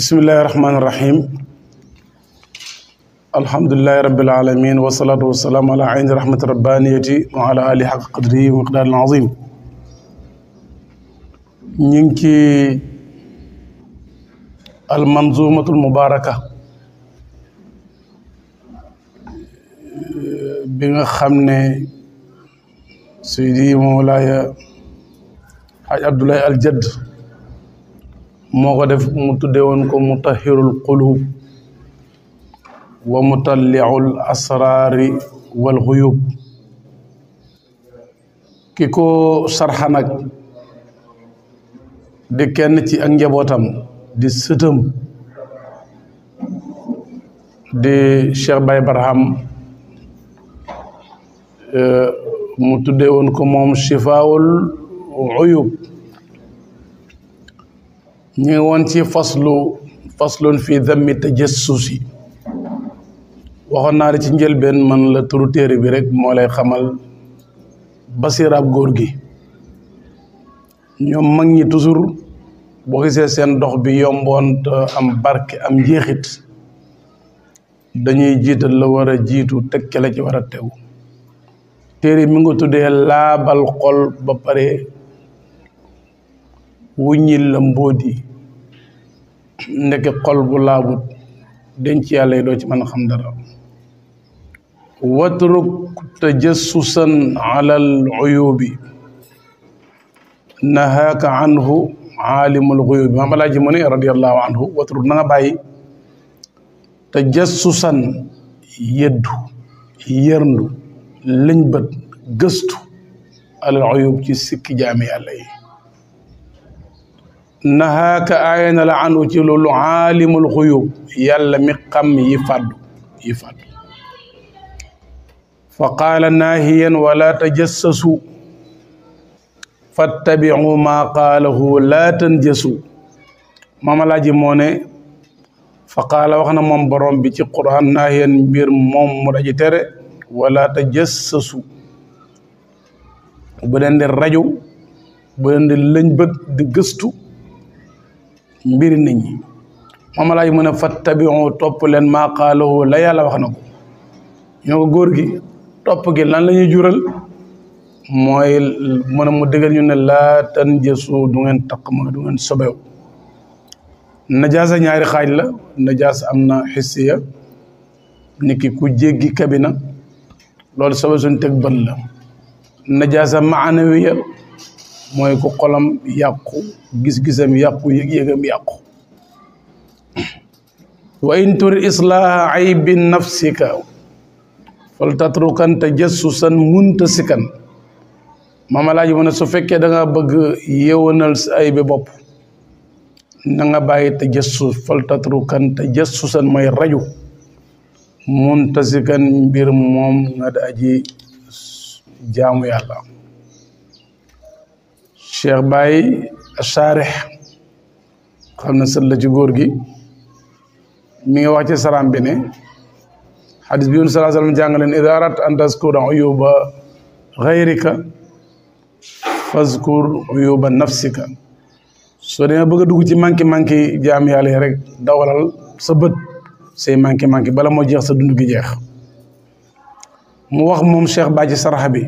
بسم الله الرحمن الرحيم الحمد لله رب العالمين والصلاة والسلام على عين رحمة ربانيتي وعلى آله حق قدره ومقدار العظيم نينكي المنظومة المباركة بين خمني سيدي مولاي حاج عبد الله الجد moo ko def mu tudde woon ko mutahirul qulub wa mutalliul asraari wal xuyub ki ko sarxa nag di kenn ci ak njabootam di sëtam di bay Baye Barham eh, mu tudde woon ko moom shifaawul uyub ñu woon ci faslu faslun fii dammi tajassusi waxoon naa ci njëlbeen man la turu téere bi rek moo lay xamal basiraab góor gi ñoom mag ñi toujours boo gisee seen dox bi yomboon te am barke am njeexit dañuy jiital la war a jiitu tekke la ci war a tew téere mi nga tuddee laabal xol ba pare wuññil la mbóot yi ndeke xol bu laabut denc yàlla yi doo ci mën xam dara watruk tajassusan ala al uyubi nahaaka anhu aalimul xuyubi maam alaaji mu ne radiallahu anhu watruk na nga bàyyi tajassusan yëddu yërndu lëñbët gëstu alal uyub ci sikki jaami yàlla nahaaka aaya na la anu ci loolu aalimul xuyub yàlla mi xam yi fàddu yi fàddu fa qaala naahiyan wala tajassasu fattabiu maa qaalahu laa tanjasu maama laaji moo ne fa qaala wax na moom borom bi ci quran naahiyan mbir moom mu daji tere wala tajassasu bu leen di rajo bu di gëstu mbir nit ñi moom laay mën a fattabi'u topp leen maa qaalahu la yàlla wax na ko ñoo ko góor gi topp gi lan la jural mooy mën a mu dëggal ñu ne laa tanjasu du ngeen taqma du ngeen sobew ñaari xaaj la najaasa am na xissiya niki ku jéggi kabina loolu sobe suñ teg bët la najaasa maanawiya mooy ku yàqu gis-gisam yàqu yëg-yëgam yàqu wa in turid islaaha aybin nafsika fal tatrukan tajassusan muntasikan maama laaj mu ne su fekkee danga bëgg yeewanal sa aybi bopp na nga bàyyi tajassus fal tatrukan tajassusan mooy raju muntasikan mbir moom nga da jaamu yàlla Cheikh Baye Charix xam na sët ci góor gi mi ngi wax ci saram bi ne xadis bi yun salaa sallam jàngaleen idarat an taskura uyuba xayrika fazkur uyuba nafsika soo demee bëgg a dugg ci manki manki jaam yàlla rek dawalal sa bët say manki manki bala moo jeex sa dund gi jeex mu wax moom Cheikh Baye ci sarax bi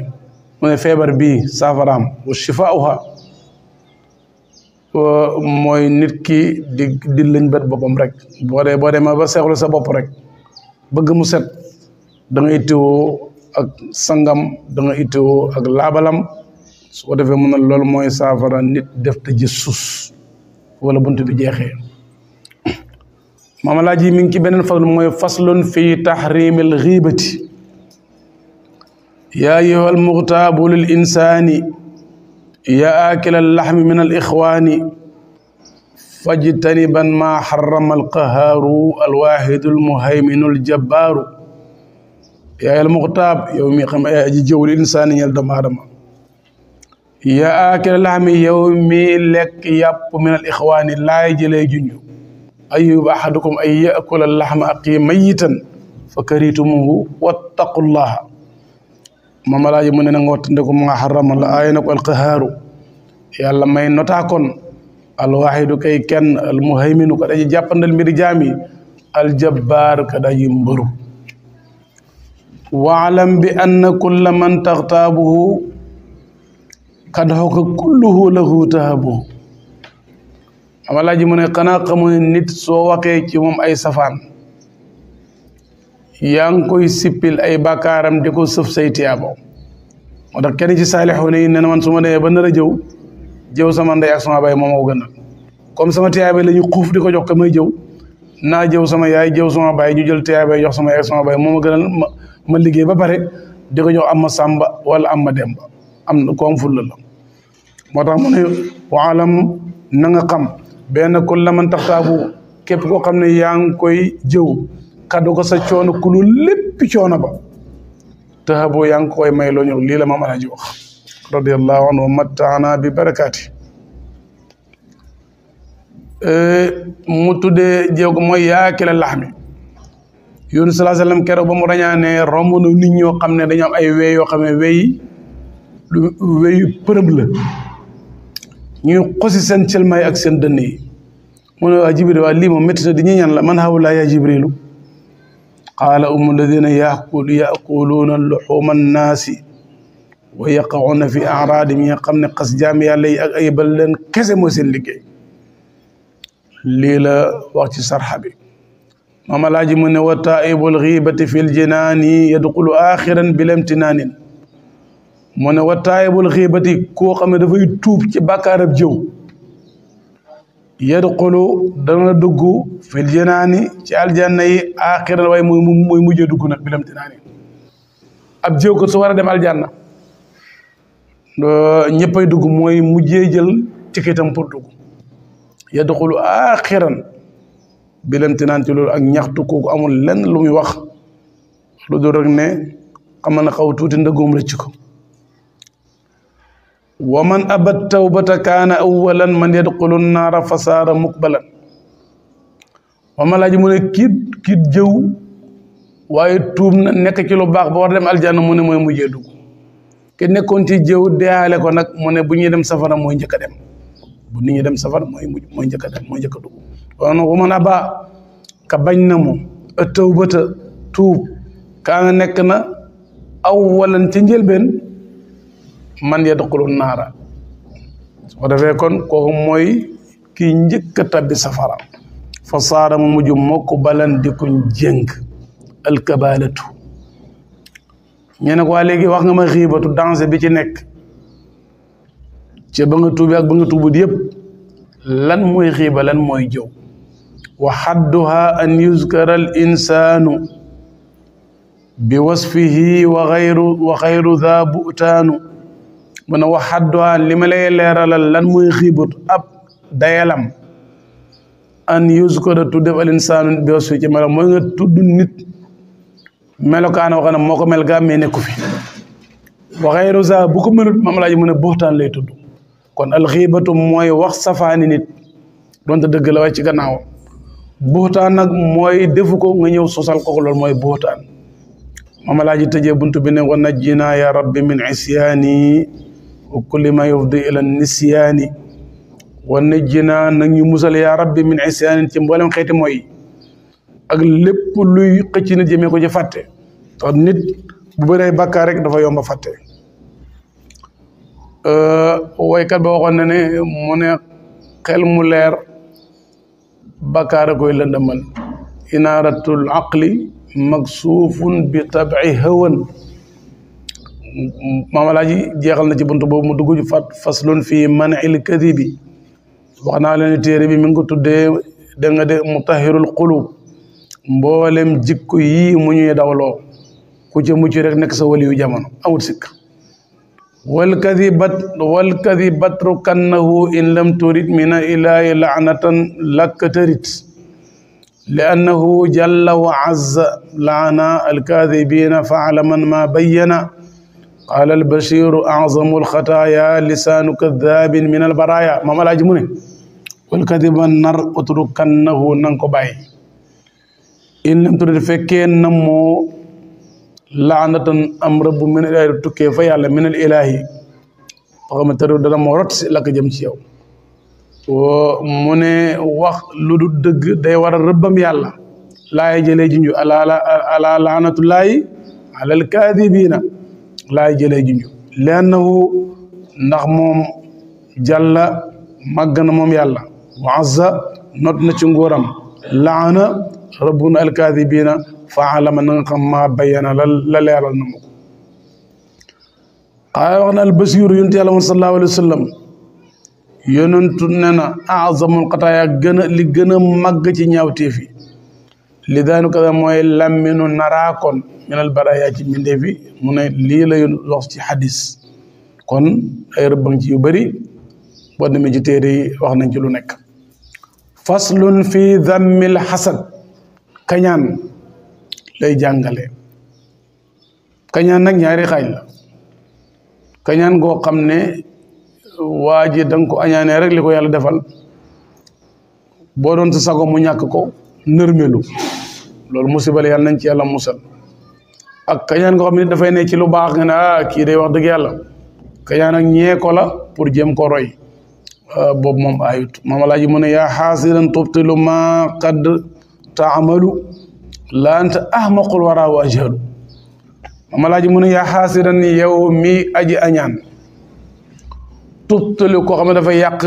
mu ne feebar bii saafaraam wa shifaauha Euh, mooy nit ki di di lañ bet boppam rek boo dee boo demee ba seexlu sa bopp rek bëgg mu set da nga ittewoo ak sangam da nga ittewoo ak laabalam su ko defee mu ne loolu mooy saafara nit def te jës suus wala bunt bi jeexee maama laaj mi ngi ci beneen faslu mooy faslun fi tahrimil xiibati yaa ayyuhal muxtaabu lil يا آكل اللحم من الإخوان فاجتنبا ما حرم القهار الواحد المهيمن الجبار يا المغتاب يومي خم جو الإنسان يلدم آدم يا آكل اللحم يومي لك يب من الإخوان لا يجلي جنيو أيوب أحدكم أن يأكل اللحم أقي ميتا فكريتموه واتقوا الله moom alaaji mu ne na nga wattandiku mu nga xaramal la aaye na ko alqahaaru yàlla may notaakon alwaxidu kay kenn almuhayminu ka daji jàppandal mbiri jaam yi aljabbaar ka daji mbëru waalam bi kulla man taxtaabuhu kad xoka kulluhu lahu tahabuhu amalaaji mu ne xanaa nit soo waxee ci moom ay safaan yaa ngi koy sippil ay bàkkaaram di ko sëf say tiyaabo moo tax kenn ci saalixuuna yi nee na man su ma demee ba nar a jëw jëw sama ndey ak sama baay moom moo gënal comme sama tiyaabee la ñu xuuf di ko jox ka may jëw naa jëw sama yaay jëw sama baay ñu jël tiyaabee jox sama yaay sama baay moom a gënal ma ma liggéey ba pare di ko jox am ma sàmba wala am ma demba am na ko am fulla tax mu ne waalam na nga xam benn kon laman tax taxtaabu képp koo xam ne yaa ngi koy jëw kaddu ko sa coono ku lu lépp coono ba taxaboo yaa ngi may loo ñu lii la maam alaaji wax radiallahu anhu mattaana bi barakaati eh, mu tuddee jéego mooy yaakila laxmi yónni salaa sallam keroog ba mu rañaane romb na nit ñoo xam ne dañoo ay wey yoo xam ne wey weyu përëb ñuy xosi seen cëlmaay ak seen dënn yi mu ne waa jibril lii moom métti na di ñu la man xawulaa yaa jibrilu قال أم الذين يأكل يأكلون اللحوم الناس ويقعون في أعراض يقمن قسجام يالي أي بلن كذا مسل لكي ليلة وقت سرحبي مما لاجمون وطائب الغيبة في الجنان يدخل آخرا بلا امتنان من وطائب الغيبة كوخ مدفو يتوب كي باكار بجو yadxulu dana dugg fil janaani ci aljanna yi aaxiral waaye muy muy mujjee dugg nag bilam tinaani ab jiw ko su war a dem aljanna ñëppay dugg mooy mujjee jël tikitam pour dugg yadxulu aaxiran bilam tinaan ci loolu ak ñaxtu kooku amul lenn lu muy wax lu dul rek ne xam na xaw tuuti ndëggoom rëcc ko wa man abat tawbata kaana awalan man yadxulu naara fasaara mukbalan mama laa ji mu ne kiit waaye tuub nekk ci baax ba dem aljanna mu ne mooy mujjee dugg ki nekkoon ci jëw deyaale ko nag mu ne bu ñuy dem safara mooy njëkk a dem bu dem safara mooy mujj mooy njëkk a mooy njëkk man aba ka bañ na mu tawbata tuub kaana nekk na awwalan ci njëlbeen man yadxulu naara su defee kon kooku mooy kii njëkk tabbi safara fa saara mu mujj mokk balan dikuñ jéng alkabaalatu ñu ko waa léegi wax nga may xiibatu danse bi ci nekk ci ba nga tuubi ak ba nga tuubut yëpp lan mooy xiiba lan mooy jëw wa xadduha an yuzkara al insaanu bi wasfihi wa xayru wa mu ne wax xadduha li ma lay leeralal lan muy xiibut ab dayalam an yuskara tuddef al insaanu bi wasfi ci melo mooy nga tudd nit melokaan wax ne moo mel gaa mee nekku fi waxee rosa bu ko mënut maam laaji buxtaan lay tudd kon alxiibatu mooy wax safaani nit donte dëgg la waaye ci gannaaw buxtaan nag mooy defu nga ñëw sosal ko loolu mooy buxtaan maam laaji tëjee buntu bi ne na najjinaa ya rabbi min isyaani wa kulli ma yufdi ila nisyaani wa jinaa nag ñu musal yaa rabbi min isyaanin ci mboolem xeeti mooy ak lépp luy xëcc nit ko ci fàtte nit bu bëree bàkkaar rek dafa yomba fàtte waykat ba waxoon ne mu xel mu leer bàkkaar a koy lëndëmal inaaratul aqli magsuufun bi tabi hawan مام الحاجي جيغال نتي بونتو بوبو مو دوجو فصل في منع الكذب وخنا لني تيري بي مينغو تودي دنگا دي مطهر القلوب مبولم جيكو يي مونيو داولو كو جي موتي رك نيك سا ولي جامانو اوت سيك والكذبت والكذبت ركنه ان لم تريد من الى لعنه لك تريد لانه جل وعز لعن الكاذبين فعلما ما بينا قال البشير أعظم الخطايا لسان كذاب من البرايا ما ملاج موني والكذب النار أتركنه ننكو باي إن لم ترد فكين نمو لعنة أم رب من الإله تكيف الله من الإله فقام ترد دلم ورطس لك جمشيو موني واخ لدود دغ داي ورا ربم يالا لا يجلي جنجو ألا لعنة الله على الكاذبين laay jëlee junj liannahu ndax moom jàlla màgg na moom yàlla wa not na ci nguuram laana rabbuna alkaadibiina fa alama na xam maa bayyana la la na ma ko wax na albasiru yonent yàlla moom sallallahu alayhi wa sallam yonentu ne na azamul xataaya gën li gën a màgg ci ñaawteef yi li daanu kada mooy làmminu naraakoon minal baraaya ci mbindee fi mu ne lii lay wax ci xadis kon ay rëbbang ci yu bëri boo yi wax nañ ci lu nekk faslun fi dammil xasad kañaan lay jàngale kañaan nag ñaari xaaj kañaan goo xam ne waa ji da ko añaanee rek li ko yàlla defal boo doon sa sago mu ñàkk ko nërmelu loolu musibal yàlla nañ ci yàlla musal ak kañaan ko xamni da fay ne ci lu bax nga ah, ki day wax deug yalla kañaan ak ñe ko la pour jëm ko roy ah, bob mom ayut mom mu ne tubtilu ma qad tamalu, la anta ahmaqul wara wa ajhalu maam alaaji mu ne ya hasiran yawmi mi aji anyan tubtilu ko xamni kami dafa yak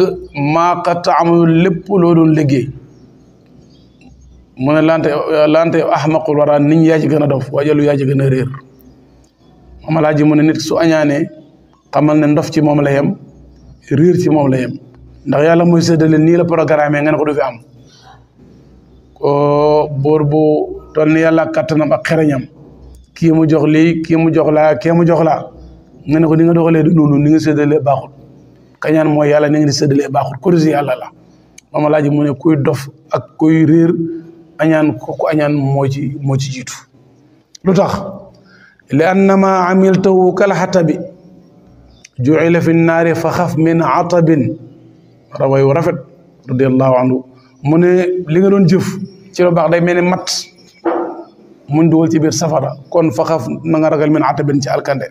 ma qad ta'malu lepp loo doon mu lante lante ahmaqul wara nit ñi yaa ci gëna dof wajalu ya ci gëna a mom laaji alaaji ne nit su añaanee xamal ne ndof ci mom la yem réer ci mom la yem ndax yalla moy séddale ni la programme ngeen ko du fi am ko boor bu toll yalla kat na ba xereñam ki mu jox li ki mu jox la ki mu jox la ngeen ko ni nga doxalee du nonu ni nga baaxul kañaan moy yalla ni nga baaxul kurzi yalla la mom laaji kuy dof ak kuy añaan kooku añaan moo ci moo ci jiitu lu tax li anna ma amiltahu kal xatabi jucila fi nnaari fa xaf min atabin rawayu rafet radiallahu anhu mu ne li nga doon jëf ci lu baax day mel ni mat muñ dugal ci biir safara kon fa xaf na nga ragal min atabin ci alkande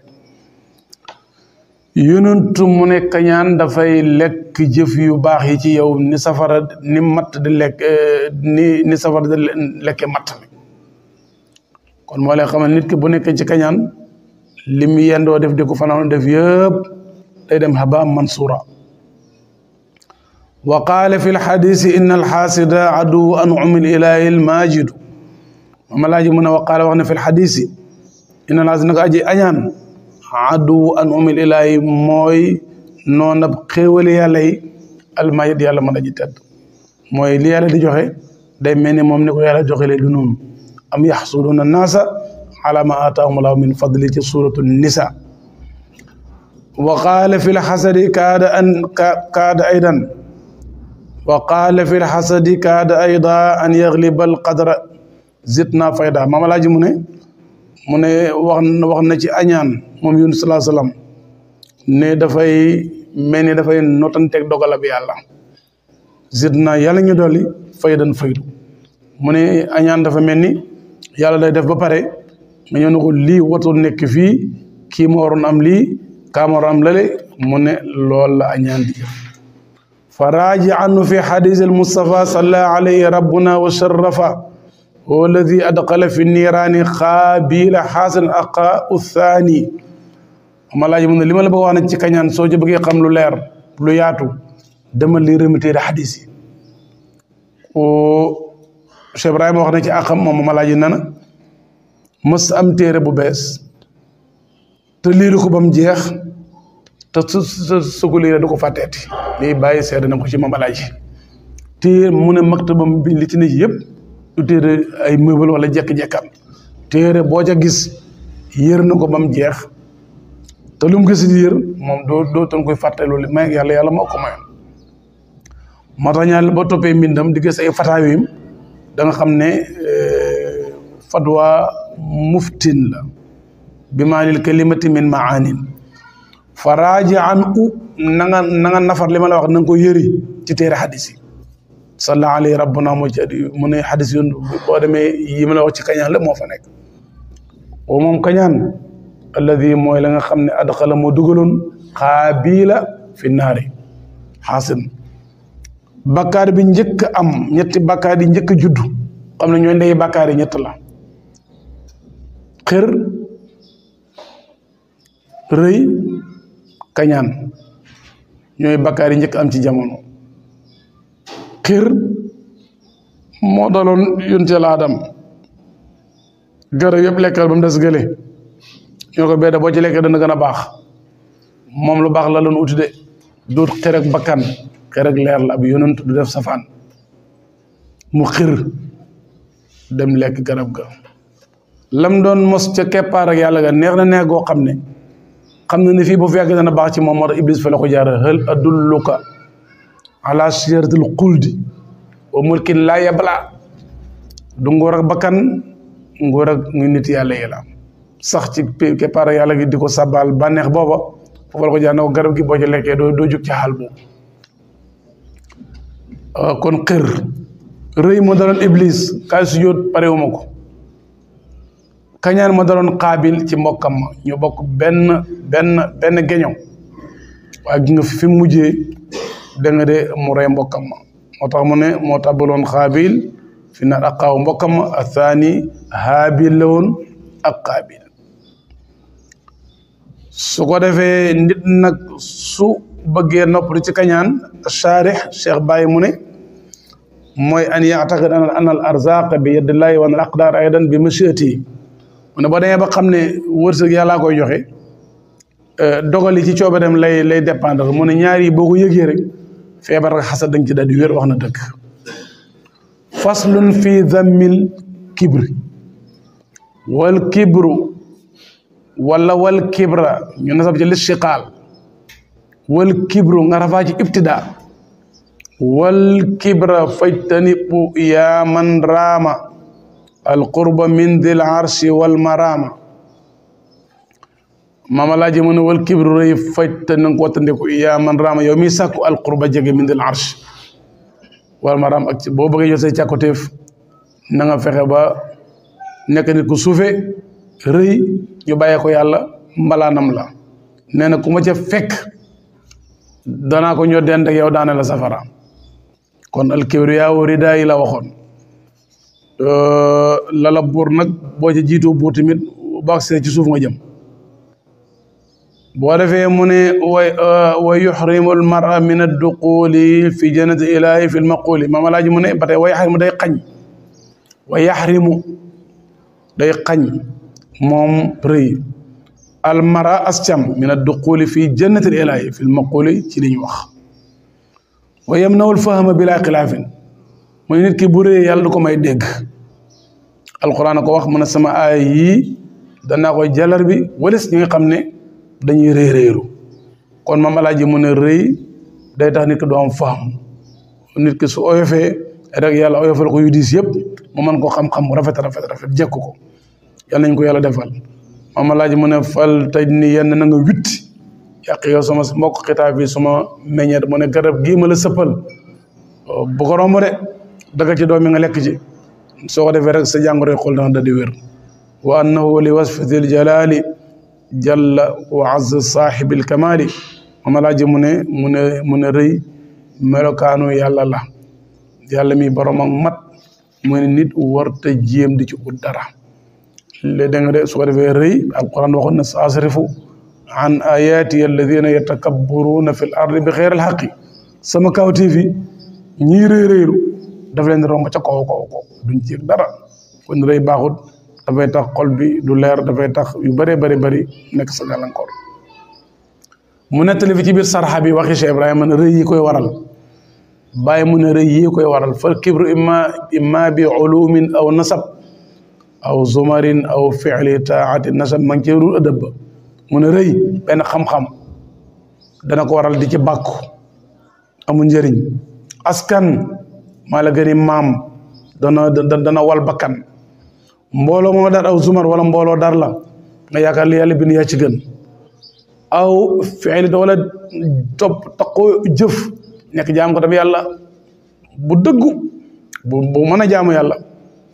yonent mu ne kañaan dafay lekk jëf yu baax yi ci yow ni safara ni matt di lekk eh, ni ni safara di lekke matt kon moo lay xamal nit ki bu nekkee ci kañaan li mu yendoo def di ko fanaan def yëpp day dem haba mansura wa qaala fi lxadisi inna alxaasida aduw an umil ilaahi almaajidu mamalaaji mu ne wa qaala wax na fi lxadisi inna alxaasida nako aji añaan عدو أن أمي إلهي موي نون بخيول يالي المايا دي الله مانا جيتاد موي لي يالي دي جوخي داي ميني موم نيكو يالا جوخي أم يحصلون الناس على ما آتاهم الله من فضل في النساء وقال في الحسد كاد أن كاد أيضا وقال في الحسد كاد أيضا أن يغلب القدر زدنا فايدا ماما لاجي موني موني واخنا واخنا سي moom yunus salaa salaam ne dafay mel ni dafay notanteeg dogalab yàlla zidna yàlla ñu dolli faydan faydu mune ne añaan dafa mel ni yàlla day def ba pare nga ñëw ne ko lii watul nekk fii kii ma waroon am lii kaa ma waroon am lale mu la añaan di jëf عنه في حديث المصطفى صلى عليه ربنا وشرفا هو الذي أدخل في النيران خابيل حسن أقاء الثاني amma laaji mu ne li ma wana ci kañaan so je bëggee xam lu leer lu yaatu dama li remutéere xadis yi Cheikh ibrahim wax na ci akam mom ma laaji nana mus am téré bu bes te liiru ko ba jeex te su su ko liiree du ko fàtteeti na ko ci moom alaaji mu ne maktabam bi li ci ne yépp du téré ay wala jek jekam téré bo ja gis yër bam jeex te lu mu ko si diir do doo dootoon koy fatte lolou may yalla yalla moo ko mayoon moo ba topé mindam di gis ay da nga xamné euh, fadwa muftin la bi malil kalimati min maanin fa u na nga nafar lima la wax nang ko yeri ci téere hadisi sallallahu salla alayhi rabbuna moo ci adi mu ne xadis la wax ci la mo fa nek o mom alladi mooy la nga xam ne adxala moo dugaloon xaabiila fi naari xaasin bakkaar bi njëkk am ñetti bakkaar yi njëkk judd xam ne ñooy ndey bakkaar yi ñett la xër rëy kañaan ñooy bakkaar njëkk am ci jamono xir moo daloon yunte laadam garab yëpp lekkal ba mu des gële ñoo ko beeda boo ci lekkee dana gën a baax moom lu baax la loon uti de duut xir ak bakkan xir ak leer la ab yonent du def safaan mu xir dem lekk garab ga lam doon mos ca keppaar ak yàlla ga neex na neex goo xam ne xam na ne fii bu fi yàgg dana baax ci moom moo tax iblis fa la ko jaara hal adulluka ala siratil xuldi wa mulkin laa yabla du nguur ak bakkan nguur ak ngi nit yàlla yi la sax ci keppaar yàlla gi di ko sabal bànneex booba foofu la ko jaan garab gi boo ci lekkee doo doo jug ci euh, kon xër rëy ma daloon iblis kaay sujjóot parewuma ko kañaan ma daloon xaabil ci mbokkam ma ñu bokk benn benn benn geño waaye gi nga fi mujjee da nga de mu rey mbokkam ma moo tax mu ne moo fi mbokkam ma haabil la woon ak su ko defee nit nag su bëggee noppalu ci kañaan charih cheikh Baye mu ne mooy an yactaqid an al arzaq bi yadillahi wa an daar ay aydan bi mashiati mu ne boo demee ba xam ne wërsëg yàllaa koy joxe euh, dogal yi ci coobareem lay lay dépendre mu ne ñaari yi boo ko feebar ak xasad dañ ci daal di wax na dëgg faslun fi zammil kibri wal kibru wala wal kibra ñu nasab ci listiqaal wal kibru nga rafaa ci ibtidaa wal kibra fajtanibu yaa man raama alqurba min dil arsi wal maraama maama laaji ne wal kibru rëy fajta nanga ko wattandiku yaa raama yow mi sàkku alqurba jege min dil wal maraama ak boo bëggee jot say càkkutéef fexe ba nekk nit ku suufe rëy yu bàyyee ko yàlla mbalaanam la nee na ku ma ca fekk danaa ko ñoo dend ak yow daane la safara kon alkibriyaa wa ridaa yi la waxoon lala buur nag boo ca jiitu buur tamit baax see ci suuf nga jëm boo defee mu ne way way yuxrimu almara min adduquli fi jannati ilahi fi lmaquli maama laaji mu ne ba tey way yaxrimu day xañ way yaxrimu day xañ moom rëy almara ascam min adduquli fi jannatil ilahi fi lmaquli ci li ñu wax wa yamnawul fahama bila xilaafin mooy nit ki bu rëyee yàlla du ko may dégg alquran a ko wax mu ne sama ay yii danaa koy jalar bi walis ñi xam ne dañuy rëy rëylu kon maam alaaji mu ne rëy day tax nit ki du am faham nit ki su oyofee rek yàlla oyofal ko yu diis yëpp mu mën ko xam-xam rafet rafet rafet jekk ko yal nañ ko yàlla defal maama laaj mu ne fal taj ni yenn na nga witti yàq yow sama mbokk xitaab bi suma meññeet mu ne garab gi ma la sëppal bu ko romb de daga ci doomi nga lekk ci soo ko defee rek sa jàngoro xol dana da di wér wa annahu li wasfatil jalali jalla wa azza saahibil kamali maama laaj mu ne mu ne mu rëy melokaanu yàlla la yàlla mi boromam mat mu ne nit warta jéem di ci ut dara le dégg de su ko defee rëy alquran waxoon na saasrifu an ayaati alladina yatakabbaruuna fi l ardi bi xeer alxaqi sama kawtéef yi ñii rëy rëylu daf ca kaw kaw kaw duñ dara kon rëy baaxut dafay tax xol bi du leer dafay tax yu bëree bari bëri nekk sa gàllankoor mu nettali fi ci biir sarxa bi waxi Cheikh Ibrahima rëy yi koy waral bàyyi mu ne rëy yi koy waral fal kibru imma imma bi ulumin aw nasab aw zumarin aw fi'li taati nasab man cee rul ëdëb ba mu ne xam-xam dana ko waral di ci bakku amu njeriñ askan mala gari mam dana dana wal bakkan mbolo mo dar aw zumar wala mbolo dar la nga yakal li au bind yaa ci gën aw fi'li wala top taqoo jëf nek jam ko tam yalla bu mana bu bu jamu yalla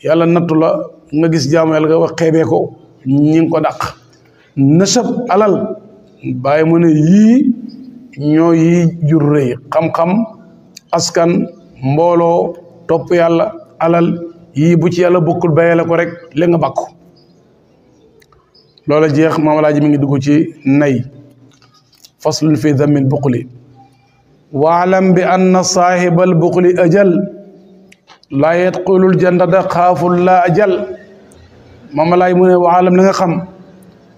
yalla natula nga gis jaamu yàlla nga wax xeebee ko ñi alal bàyyi mu ne yii ñoo yii jur rëy xam-xam askan mbooloo topp yàlla alal yii bu ci yàlla bokkul bàyyi la ko rek li nga bàkku loola jeex maam alaaji mi ngi dugg ci nay faslun fi dammil buqli waalam bi anna saahibal buqli ajal laa yadxulul jannata xaaful laa ajal mamalaay mu ne waalam na nga xam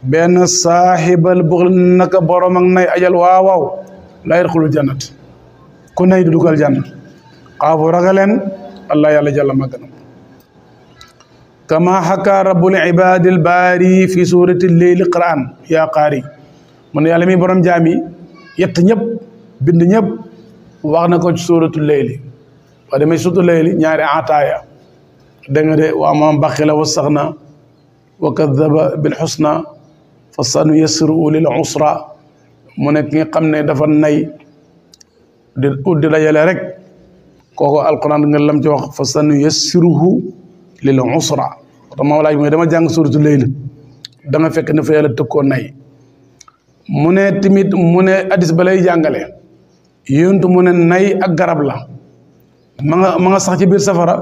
benn saaxibal buxl naka borom ak nay ajal waaw waaw laa yadxulul jannat ku nay du dugal jànn xaafu allah yàlla jàlla màgganam kama xaka rabbul ibadil baari fi surati leyli quraan yaa qaari mu ne yàlla mi borom jaam yi yett ñëpp bind ñëpp wax na ko ci suratu leyli waa demay ñaari ataaya da de waa baxila wasax وكذب بالحسنى فصن يسر اولي العسرى منك قمنا دفن ناي اودي لا يلا رك كوكو القران غن لم تي فصن يسره للعسرى ما ولاي مي داما جان سوره الليل داما فك نفا يلا تكو ناي مني تيميت مني حديث بلاي جانغالي يونت مني ناي اك غراب لا ما ما صاح سفرة بير سفارا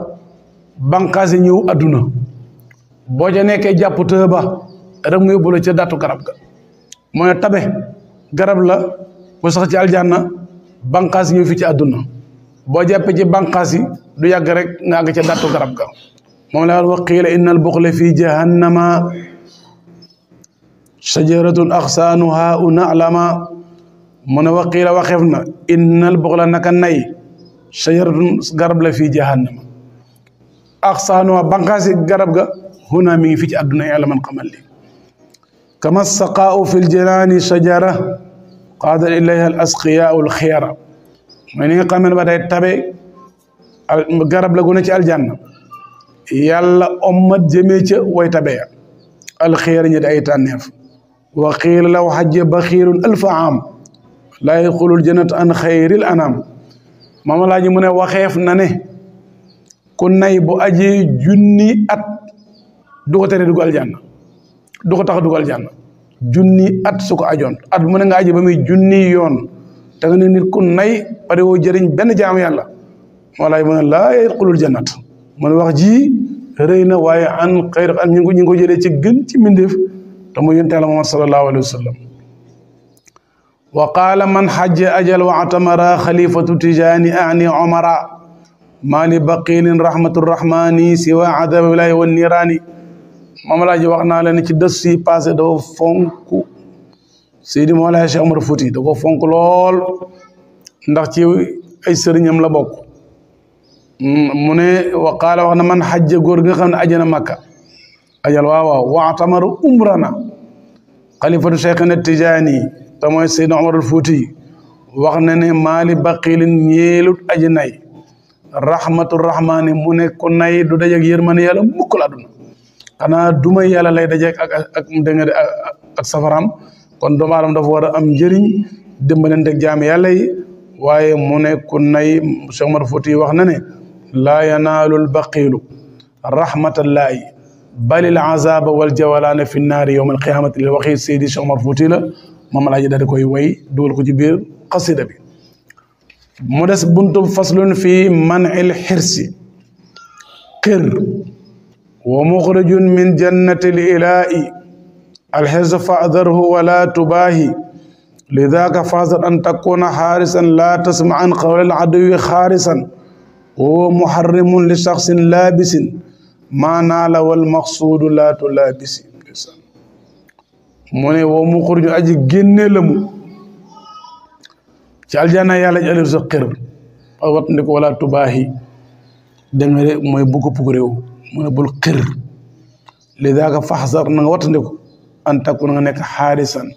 بانكاسي ادونا boo ca nekkee jàpp tëë ba rek mu yóbbu ca datu garab ga mooy tabe garab la bu sax ci aljanna banqaas yu fi ci àdduna boo jàppee ci banqaas yi du yàgg rek nga àgg ca datu garab ga moom la wax qiila inna albuxla fi jahannama shajaratun axsaanuha unalama mu ne wa qiila waxeef na inna albuxla naka nay shajaratun garab la fi jahannama axsaanuha banqaas yi garab ga huna mi fi ci àdduna yàlla man xamal li kama saqaau fi ljanaani sajara qaadal ilayha al asqiyaau alxiyara mooy ni nga xam ba tey tabe garab la gu ne ci aljanna yàlla ommat jëmee ca way tabe ya alxiyara ñi ay tànneef wa qiila law xajja baxiirun alfa aam laa yadxulul jannata an xayril anaam maama laa ji mu ne waxeef na ne ku nay bu aji junni at du ko tere dugal jàng du ko tax dugal jàng junni at suko ajon at mu nga aji bamuy junni yon, da nga nit ku nay pare wo jeriñ ben jaam yalla walaay mu la yaqulul jannat man wax ji reyna way an khair an ñingo ñingo jere ci gën ci mindeef sallallahu alaihi wasallam wa qala man xajja ajal wa atamara khalifatu tijani ani umara maa li baqilin rahmatu rahmani siwa adab wilaay wan nirani mamalaaji wax naa leen ci dës si passé dafa fonk Seydi Mawlaay Cheikh Omar Fouti da fonk lool ndax ci ay sëriñam la bokk mu ne wa wax na man xajja góor gi nga xam ne ajana makka ajal waaw waaw waatamaru umrana xalifatu cheikhina tijaani te mooy Seydina Omarul Fouti ne maali baqilin ñeelut aji nay rahmatu rahmaani mu ne ku nay du dajeg yërmande yàlla mukk la aduna xanaa dumay yàlla lay dajeeg ak ak da nga ak safaraam kon doomu aadama dafa war a am njëriñ dimbalante ak jaam yàlla yi waaye mu ne ku nay Cheikh Omar Fouti wax na ne laa yanaalul baqiilu rahmatallaahi balil azaba wal jawalaana fi naari yowma alqiyaamati lil waxi Seydi Cheikh Omar Fouti la moom laa ji daal koy way dugal ko ci biir xasida bi mu des buntu faslun fii man il xirsi ومخرج من جنة الإلاء الحز فأذره ولا تباهي لذاك فاضل أن تكون حارسا لا تسمع عن قول العدو خارسا هو محرم لشخص لابس ما نال والمقصود لا تلابس من ومخرج أجي جن لم جال جانا يالا جال رزقر أغطنك ولا تباهي دمري موي بوكو بوكو mu ne bul xër li daaka faxsar na nga wattandiku an takun nga nekk xaarisan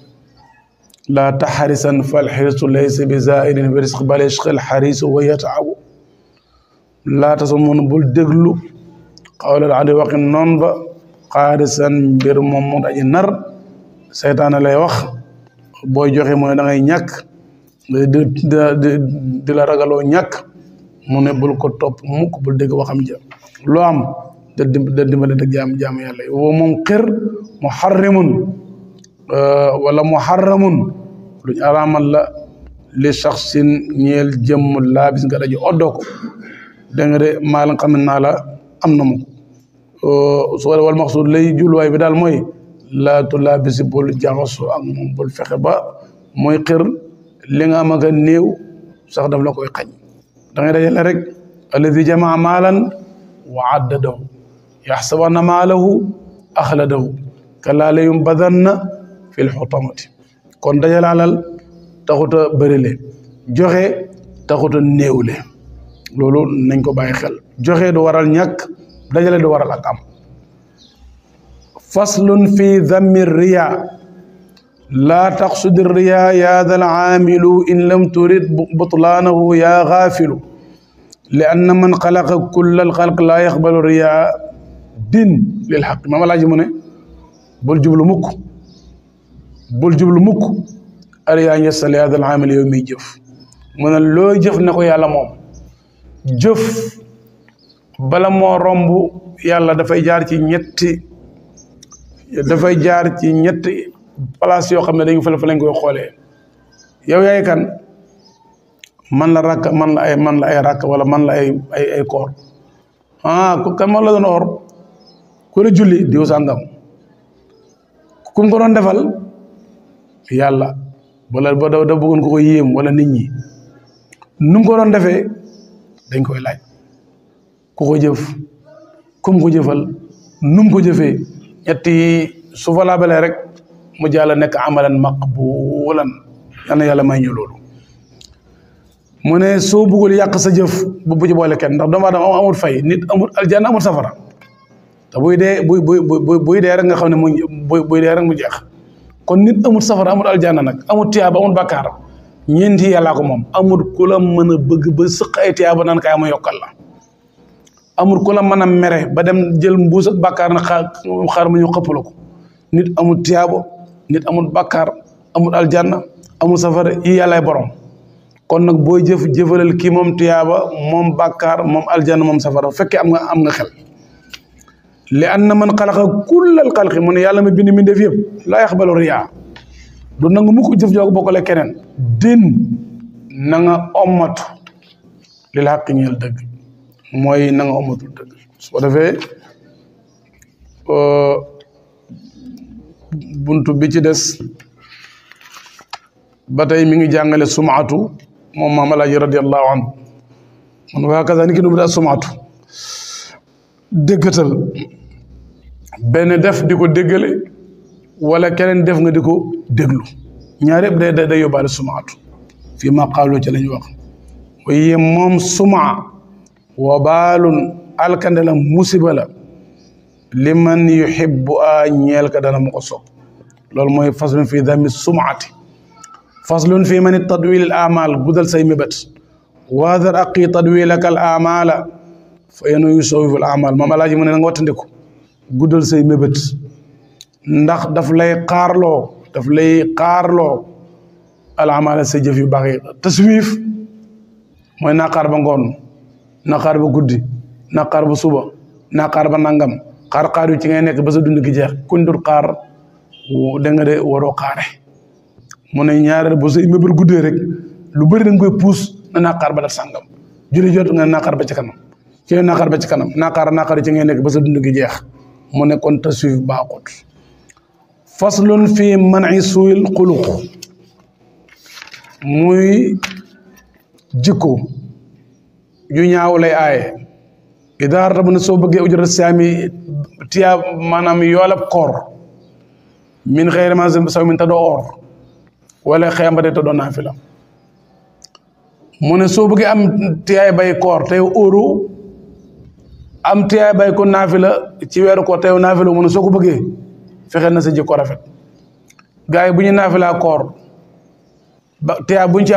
laa taxarisan fal xirisu laysa bi zairin bi risq bal yashqal xarisu wa yataabu laa tasa mun bul déglu xawlal adi waxi noon ba xaarisan mbir moom mu daji nar seytaane lay wax booy joxe mooy ne ngay ñàkk di ragaloo ñàkk mu ne bul ko topp mukk bul dégg waxam ja loo am da da dimbalante jaam jaamu yàlla yi wa munqir muharrimun euh, wala muharramun luñ araamal la li shaxsin ñeel jëmm laa bis nga daji oddoo ko de maa la xam am na mu euh, ko su wal maqsuud lay jubluwaay bi daal mooy laatu laa bisi bul jaxasoo moom bul fexe ba mooy xër li nga am sax daf la koy xañ da ngay dajale rek alladi jamaa maalan wa addadahu يحسب أن ماله أخلده كلا لينبذن في الحطمة كون دجال على تغوت بريل جوغي تغوت نيول لولو ننكو باي خل جوغي دوار النك دجال دوار الأقام فصل في ذم الرياء لا تقصد الرياء يا ذا العامل إن لم تريد بطلانه يا غافل لأن من خلق كل الخلق لا يقبل الرياء din lil xaq maam alaaji mu bul jublu mukk bul jublu mukk ariyaa ñesali adal amal yow miy jëf mu ne jëf ne ko yàlla moom jëf bala moo romb yàlla dafay jaar ci ñetti dafay jaar ci ñetti place yoo xam ne dañu fële fa lañ koy xoolee yow yaay kan man la rakk man la ay man la ay rakk wala man la ay ay ay koor ah kan man la doon or ku la julli diw sàngam kum ko doon defal yàlla wala ba da bëggoon ko ko yéem wala nit ñi nu mu ko doon defee dañ koy laaj ku ko jëf kum ko jëfal nu ko jëfee ñett yi su fa rek mu jàll nekk amalan maqbulan yal na yàlla may ñu loolu mu ne soo bëggul yàq sa jëf bu bu ci boole kenn ndax doomu aadama amul fay nit amul aljanna amul safara te buy dee buy buy buy dee rek nga xam ne mu buy buy dee rek mu jeex kon nit amul safara amul aljanna nag amul tiyaaba amul bakkaar ñeenti yàllaa ko moom amul ku la mën a bëgg ba sëq ay tiyaaba naan kaay ma yokkal la amul ku la mën a mere ba dem jël mbuus ak bakkaar na xaar xaar ñu xëppala ko nit amul tiyaabo nit amul bakkaar amul aljanna amul safara yi yàllaay borom kon nag boo jëf jëfalal kii moom tiyaaba moom bakkaar moom aljanna moom safara bu fekkee am nga am nga xel لان من قلق كل القلق من يالا ما بيني من ديف لا يقبل الرياء دو نانغ موكو ديف جوغ بوكو كينن دين نانغ اومات للحق نيل دغ موي نانغ اومات دغ سو دافاي ا آه، بونتو بيتي ديس باتاي ميغي جانغالي سمعتو مو مام الله رضي الله عنه من وهكذا نكنو بلا سمعتو دغتال ben def diko deggele wala keneen def nga diko déglu ñaar yëpp day day day yóbbaale sumaatu fii ma xaaloo ci lañ wax waaye moom sumaa wabaalun alkande la musiba la li yuhibbu a ñeel ka dana ma ko sopp loolu mooy faslun fi dami sumaati faslun fi mani tadwil al amal guddal say mébét waadar aqi tadwilaka al amala fa yanu yusawifu al amal moom alaaji mu ne nga wattandiku guddal say mébét ndax daf lay xarlo daf lay al amal say jëf yu bari taswif moy naqar ba ngon naqar ba guddi naqar ba suba naqar ba nangam xar xaar yu ci ngay nek ba sa dund gi jeex kuñ dur xar da nga de waro xare mu ne ñaareel bu say mébét guddee rek lu bari dang koy pousse na naqaar ba daf sangam julli jot nga naqar ba ci kanam ci naqar ba ci kanam naqar naqar ci ngay nek ba sa dund gi jeex mu ne kon taswif baaxut faslun fi man'i suil xuluq muy jikko yu ñaaw lay aaye idaa ratabna soo bëggee ujrat saami tiyaa maanaam yoolab koor min xeyri ma saw min ta doo or wala xeyamba de ta doo naafila mu ne soo bëggee am tiyaay bay koor tey óoro am tiyaay bay ko naafila ci weeru koor teew naafila mu ne soo ko bëggee fexeel na sa jikko rafet gars yi bu ñu naafilaa koor ba tiyaay bu ñu ci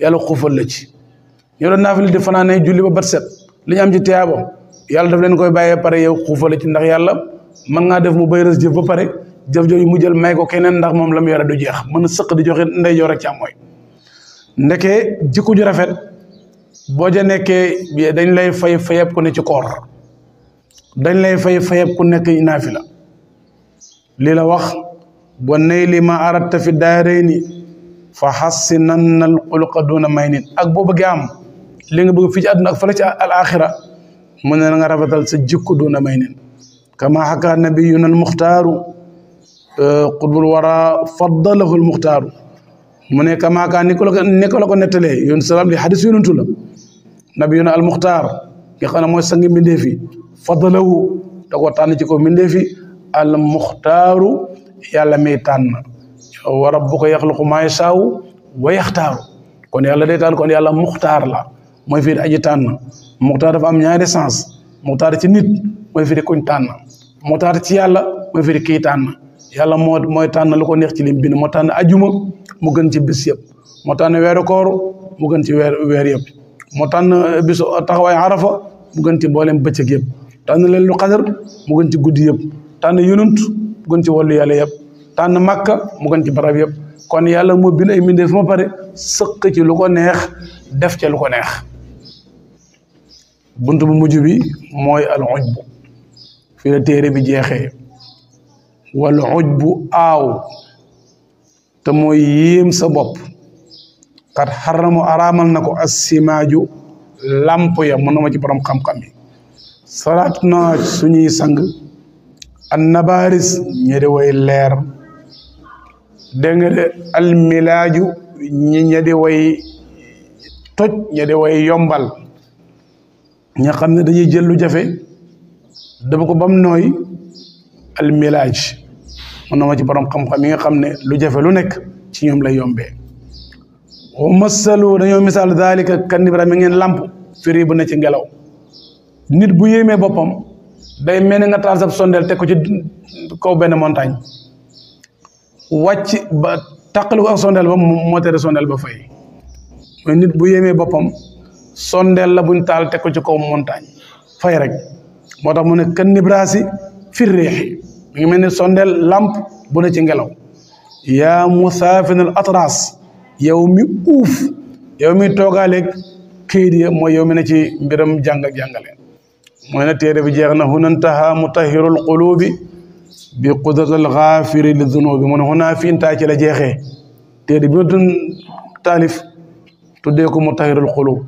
yalla xuufal la ci ñoo doon naafila di fanaane julli ba bat set li ñu am ci tiyaay bo yàlla daf leen koy bàyyee pare yow xuufal la ci ndax yàlla mën ngaa def mu bay rës jëf ba pare jëf jooju mu jël may ko keneen ndax moom la mu yore du jeex mën a sëq di joxe ndeyjoor rek ci am mooy ndeke jikko ju rafet boo ja nekkee dañ lay fay fayab ci koor dañ lay fay fayab ku nekk naafila lii la wax wa nayli ma aradta fi daarayni fa xassinanna alxuluqa duna may nin ak boo bëggee am li nga bëgg fii ci àdduna ak fële ci al axira mu ne na nga rafetal sa jikko duna may nin kama xaka nabiyuna almuxtaaru euh, qutbul wara faddalahu almuxtaaru mu ne kama xaka ni ko la ko nettalee salaam li xadis yonantu la نبينا المختار يخانا موي سانغي مينديفي فضله تاكو تان تي كو مينديفي المختار يالا مي تان وربك يخلق ما يشاء ويختار كون يالا دي تان كون يالا مختار لا مو في ادي تان مختار فام نياري سانس مختار تي نيت موي في كون تان مختار تي يالا موي في كي تان يالا مود موي تان لوكو نيخ تي لي بين مو تان اديوما مو گن تي بيس ييب مو تان وير كور مو گن تي وير وير ييب moo tànn bisu taxawaay arafa mu gën ci booleem bëccëg yëpp tànn leen lu xadar mu gën ci guddi yëpp tànn yunant mu gën ci wàllu yàlla yëpp tànn màkka mu gën ci barab yëpp kon yàlla moo bind ay mbindeef ma pare sëq ci lu ko neex def ca lu ko neex bunt bu mujj bi mooy al ujbu fii la téere bi jeexee wal bu aaw te mooy yéem sa bopp xat xaramu araamal na ko asimaaju làmp ya mu na ma ci borom xam-xam yi salaat na suñuy sang an nabaris ñe di way leer dégg nga de almilaaju ñi ñe di way toj ñe way yombal ña xam ne dañuy jël lu jafe dafa ko bam nooy almilaaj mën na ma ci borom xam-xam yi nga xam ne lu jafe lu nekk ci ñoom lay yombe masalu dañoo misaal daalika kan Ibrahima mi ngeen làmp firi bu ne ci ngelaw nit bu yéemee boppam day mel ni nga taal sab sondeel teg ko ci kaw benn montagne wàcc ba tàqalu ko ak sondeel ba moo tere sondeel ba fay nit bu yéemee boppam sondeel la buñ taal teg ko ci kaw fay rek moo tax mu ne kan Ibrahima fir réexi mel ni sondeel làmp bu ne ci ngelaw yaa musaafinal atras yow mi uuf yow mi toogaaleeg këyit ya mooy yow mi ne ci mbiram jàng ak jàngale mooy ne téere bi jeex na hunantaha mutahirul qulubi bi qudratil ghafiri li dunubi mu ne hunaa fi intaa ci la jeexee téere bi ma doon taalif tuddee ko mutahirul qulub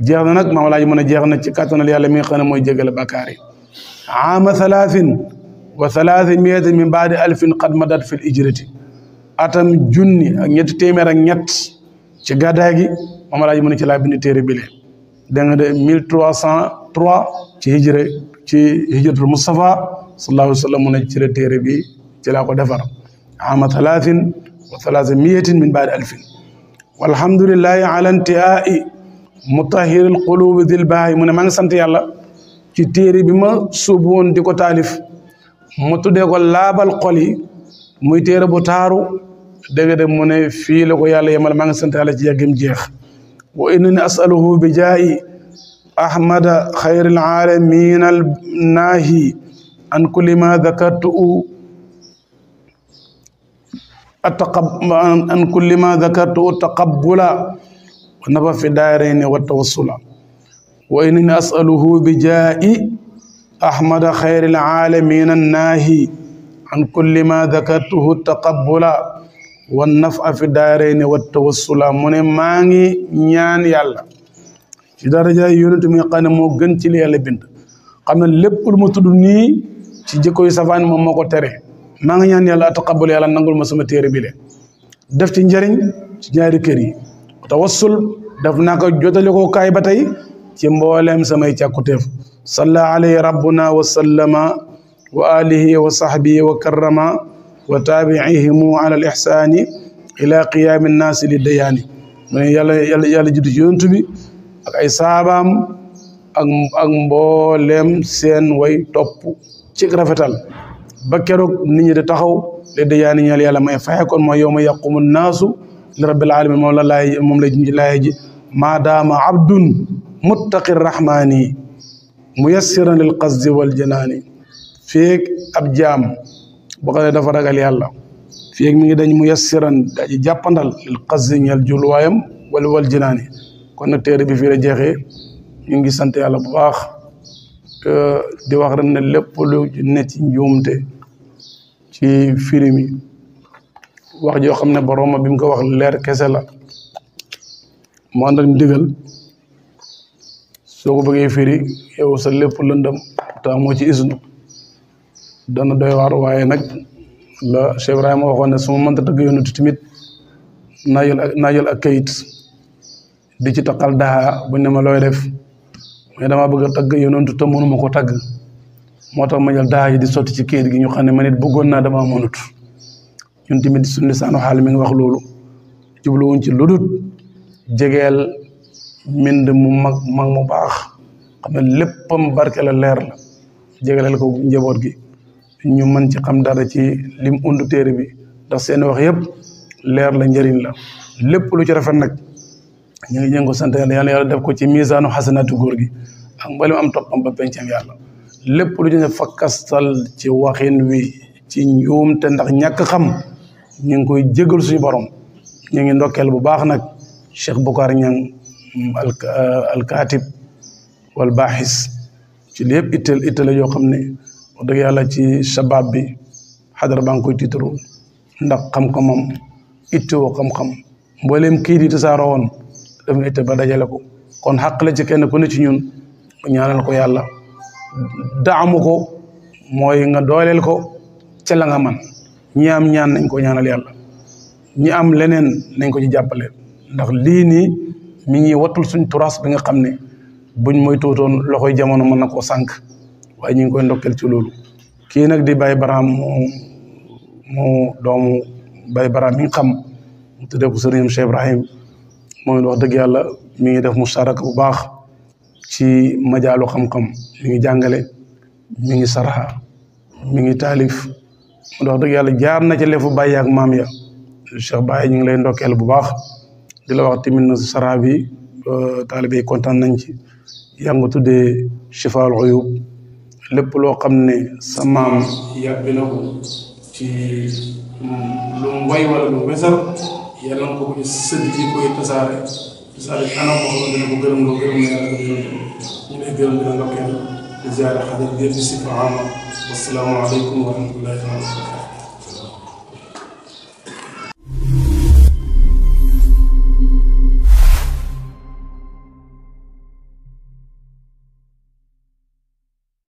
jeex na nag maam laaj mu ne jeex na ci kàttanal yàlla mi nga xam ne mooy jégale bàkkaar yi aama thalathin wa thalathin miyatin min baadi alfin qad madat fi l ijrati atam junni ak ñett téeméer ak ñett ci gàddaay gi moom alaaji mu ne ci laa bind téere bi lee de mille trois cent trois ci hijra ci hijratul Mustafa sallallahu alayhi wa sallam mu ne ci la téere bi ci laa ko defar ama talatin wa talaata miyatin min baadi alfin walhamdulillahi ala intihaai mutahiri alqulubi dil baahi mu ne maa ngi sant yàlla ci téere bi ma suub di ko taalif mu tuddee ko laabal xol yi muy téere bu taaru dégg de mu ne fii la ko yàlla yemal maa ngi sant yàlla ci yàggim jeex wa innani asaluhu bi jaayi ahmada xayri alaalamin al naahi an kulli ma dakartu التقب أن كل ما ذكرته التقبل ونبى في دارين والتوصل وإنني أسأله بجاء أحمد خير العالمين الناهي عن كل ما ذكرته التقبل wan nafa fi daarayni wa tawassula mu ne maa ngi ñaan yàlla ci daraja yonentu mi moo gën ci li yàlla bind xam ne lépp lu ma tudd nii ci jikko yu safaan moom moo ko tere maa ngi ñaan yàlla ataqabbal yàlla nangul ma suma téere bi le ci njariñ ci ñaari kër yi tawassul daf naa ko jotale ko kaay ba tey ci mbooleem samay càkkuteef salla alayhi rabbuna wa wa alihi wa sahbihi wa karrama وتابعيهم على الإحسان إلى قيام الناس للديان من يلا يلا يلا جد جنتبي أكيسابام أن أنبولم سين وي توب شكرا فتال بكرك نيجي تتحو للديان يلا يلا ما يفعلون ما يوم يقوم الناس لرب العالمين مولا لا يمم لا يجي ما دام عبد متق الرحمن ميسرا للقصد والجنان فيك أبجام boo xam dafa ragal yàlla fii mi ngi dañ mu yassiran daji jàppandal lil xasdi ñeel juluwaayam wala wal jinaani kon nag téere bi fiir a jeexee ñu ngi sant yàlla bu baax di wax ne lépp lu ne ci njuumte ci firi mi wax joo xam ne borooma bi mu ko wax leer kese la mu ànd ak ndigal soo ko bëggee firi yow sa lépp lëndam te ci isnu dana doy war waye nak la Cheikh ibrahim waxoon ne suma mënta tëgg yonent tamit naa ak naa ak kayit di ci takal daa buñ ne ma loy def mais dama bëgg a tagg yonent te mënu mako tagg motax ma ñal daa yi di soti ci kayit gi ñu xane dama mënut ñun timit suñu sanu xaal mi ngi wax jublu won ci ludut jegeel mind mu mag mag mu baax xam leppam barke leer la ko njabot gi ñu mën ci xam dara ci lim undu téré bi ndax seen wax yépp leer la njëriñ la lépp lu ci rafet nag ñu ngi jëngu sant yàlla yàlla yàlla def ko ci misaanu xasanaatu góor gi ak mbalim am toppam ba pencam yàlla lépp lu ñu ne fakkastal ci waxin wi ci njuum te ndax ñàkk xam ñu ngi koy jégal suñu borom ñu ngi ndokkeel bu baax nag cheikh bukar ñang al katib wal bahis ci lépp itteel itteel yoo xam dëgg yàlla ci shabab bi banku baa ngi koy tiitaru ndax xam-xamam ittoo xam-xam mbooleem kii di tasaaroo woon daf nga itte ba dajale ko kon xaq la ci kenn ku ne ci ñun ñaanal ko yàlla daamu ko mooy nga dooleel ko ca la nga man ñi am ñaan nañ ko ñaanal yàlla ñi am leneen nañ ko ci jàppale ndax lii nii mi ngi wattul suñ turas bi nga xam ne buñ moy tuutoon loxoy jamono mën na koo waaye ñu ngi koy ndokkeel ci loolu kii nag di Baye Baraam mu mu doomu Baye Baraam mi nga xam tudde tuddee ko sëriñam Cheikh Ibrahim moom it dëgg yàlla mi ngi def mustaraka bu baax ci majaalu xam-xam ngi jàngale mi ngi saraxa mi ngi taalif mu wax dëgg yàlla jaar na ci lefu Baye ak maam ya Cheikh Baye ñu ngi lay ndokkeel bu baax di la wax tamit na saraxa bi euh, taalibe yi kontaan nañ ci yaa ngi tuddee Chifaal Uyub lépp loo xam ne sa maam yàbbi na ko ci lu mu way wala lu wesal yàlla na ko ko sëdd ci koy tasaare tasaare ci anam boo xam ne dina ko gërëm loo gërëm ne yàlla gërëm ñu lay gërëm dina ndokkeel di ziare xadar gépp si faama wasalaamu aleykum wa rahmatullahi wa barakatuh